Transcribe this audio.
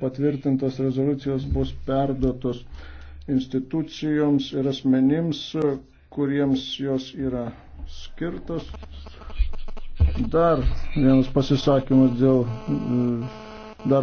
patvirtintos rezoliucijos bus perdotos institucijoms ir asmenims, kuriems jos yra skirtos. Dar vienas pasisakymas dėl